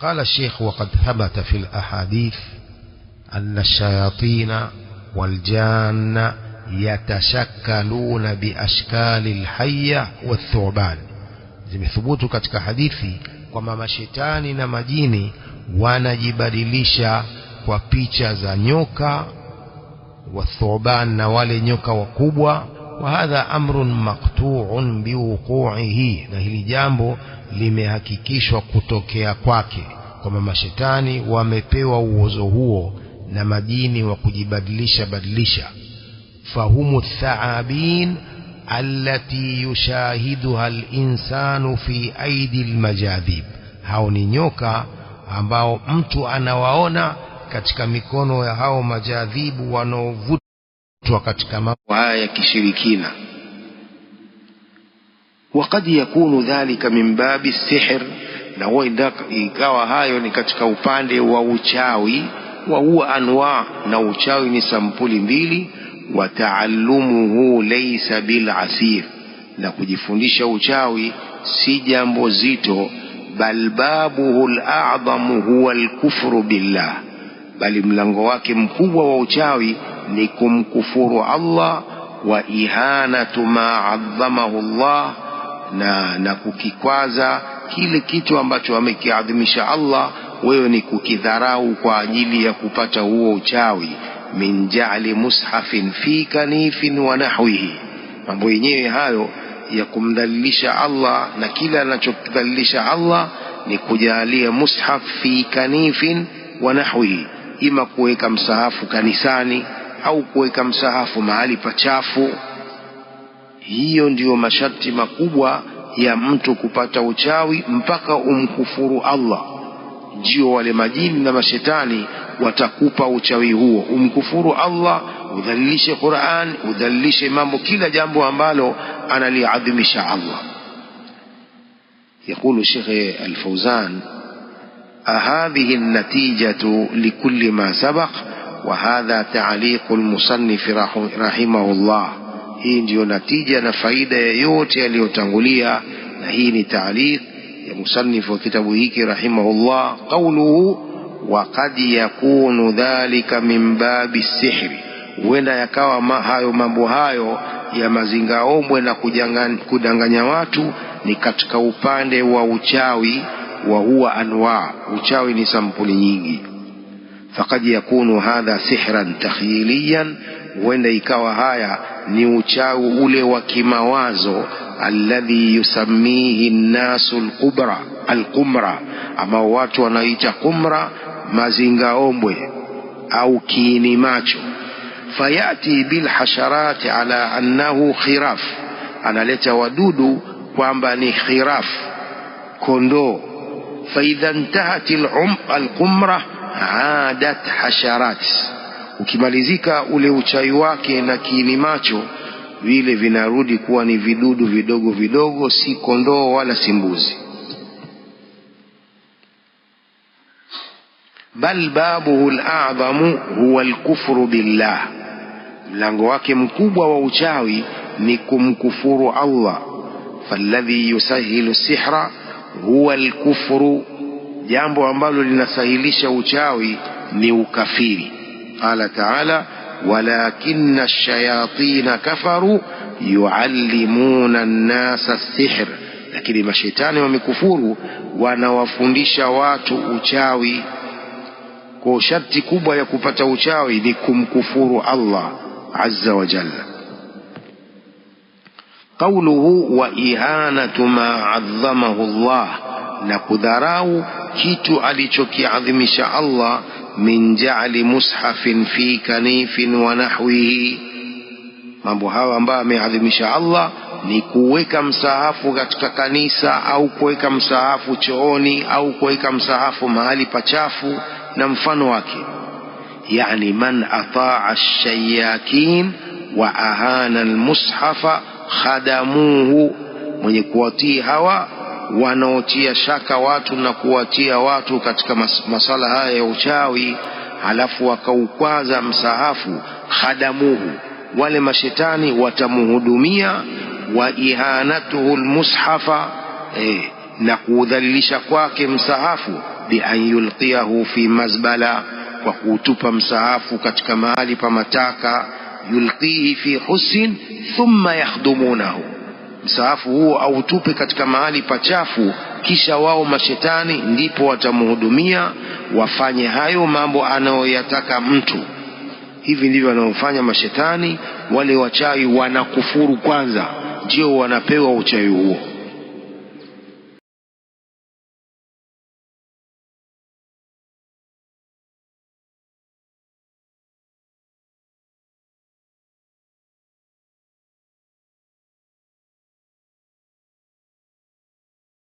قال الشيخ وقد ثبت في الأحاديث أن الشياطين والجان يتشكلون بأشكال الحية والثعبان زي ثبوت كتك حديثي وما مشتان نمجيني وانا جبدلشا وبيتشا زنيوكا والثعبان نوالي نيوكا وكوبوا وهذا أمر مقطوع بوقوعه na hili jambo limehakikishwa kutokea kwake kwamba mashetani wamepewa uozo huo na majini wa kujibadilisha badilisha fahumu thaabin allati yushahiduha alinsanu fi aidi lmajadhib hao ni nyoka ambao mtu anawaona katika mikono ya hao majadhibu wanaovuta kutoa katika mambo haya ya kishirikina. wa qad yakunu dhalika min babi sihr, na huwa ikawa hayo ni katika upande wa uchawi wa huwa anwa, na uchawi ni sampuli mbili. Wa taallumuhu laysa bil asir, na kujifundisha uchawi si jambo zito. Bal babuhu al a'dhamu huwa al kufru billah bali mlango wake mkubwa wa uchawi ni kumkufuru Allah wa ihanatu ma adhamahu Allah, na na kukikwaza kile kitu ambacho amekiadhimisha Allah, wewe ni kukidharau kwa ajili ya kupata huo uchawi. min jaali mushafin fi kanifin wa nahwihi, mambo yenyewe hayo ya kumdhalilisha Allah na kila anachokidhalilisha Allah ni kujalia mushaf fi kanifin wa nahwihi ima kuweka msahafu kanisani au kuweka msahafu mahali pachafu. Hiyo ndiyo masharti makubwa ya mtu kupata uchawi mpaka umkufuru Allah. Ndio wale majini na mashetani watakupa uchawi huo, umkufuru Allah, udhalilishe Qur'an, udhalilishe mambo, kila jambo ambalo analiadhimisha Allah. yaqulu Shekhe Alfauzan hadhihi natijatu likulli ma sabaq wa hadha taaliqu lmusannifi rahimahullah, hii ndiyo natija na faida ya yote yaliyotangulia, na hii ni taaliq ya musannif wa kitabu hiki rahimahu rahimahullah. Qauluhu wa qad yakunu dhalika min babi sihri, huenda yakawa hayo mambo hayo ya mazingaombwe na kudanganya watu ni katika upande wa uchawi wa huwa anwa, uchawi ni sampuli nyingi. Fakad yakunu hadha sihran takhyiliyan, huenda ikawa haya ni uchawi ule wa kimawazo alladhi yusammihi nnasu alqubra alqumra, ambao watu wanaita qumra, ombwe au kiini macho. Fayati bilhasharati ala annahu khiraf, analeta wadudu kwamba ni khiraf, kondoo faidha ntahat alqumra adat hasharat, ukimalizika ule uchai wake na kiini macho vile vinarudi kuwa ni vidudu vidogo vidogo, si kondoo wala si mbuzi. Bal babuhu aladhamu huwa lkufru billah, mlango wake mkubwa wa uchawi ni kumkufuru Allah. Faladhi yusahilu sihra huwa alkufru, jambo ambalo linasahilisha uchawi ni ukafiri. Qala taala walakinna lshayatina kafaru yuallimuna nnasa sihr, lakini mashetani wamekufuru, wanawafundisha watu uchawi. Kwa sharti kubwa ya kupata uchawi ni kumkufuru Allah azza wa jalla. Qauluhu wa ihanatu ma adhamahu Allah, na kudharau kitu alichokiadhimisha Allah. Min jaali mushafin fi kanifin wa nahwihi, mambo hayo ambayo ameadhimisha Allah ni kuweka msahafu katika kanisa au kuweka msahafu chooni au kuweka msahafu mahali pachafu na mfano wake. Yani man ataa shayakin wa ahana almushafa khadamuhu, mwenye kuwatii hawa wanaotia shaka watu na kuwatia watu katika mas masala haya ya uchawi, halafu wakaukwaza msahafu. Khadamuhu, wale mashetani watamhudumia. Wa ihanatuhu lmushafa eh, na kuudhalilisha kwake msahafu. Bi an yulqiyahu fi mazbala, kwa kuutupa msahafu katika mahali pa mataka yulqihi fi hussin thumma yakhdumunahu, msaafu huo autupe katika mahali pachafu, kisha wao mashetani ndipo watamhudumia, wafanye hayo mambo anayoyataka mtu. Hivi ndivyo wanaofanya mashetani. Wale wachawi wanakufuru kwanza, ndio wanapewa uchawi huo.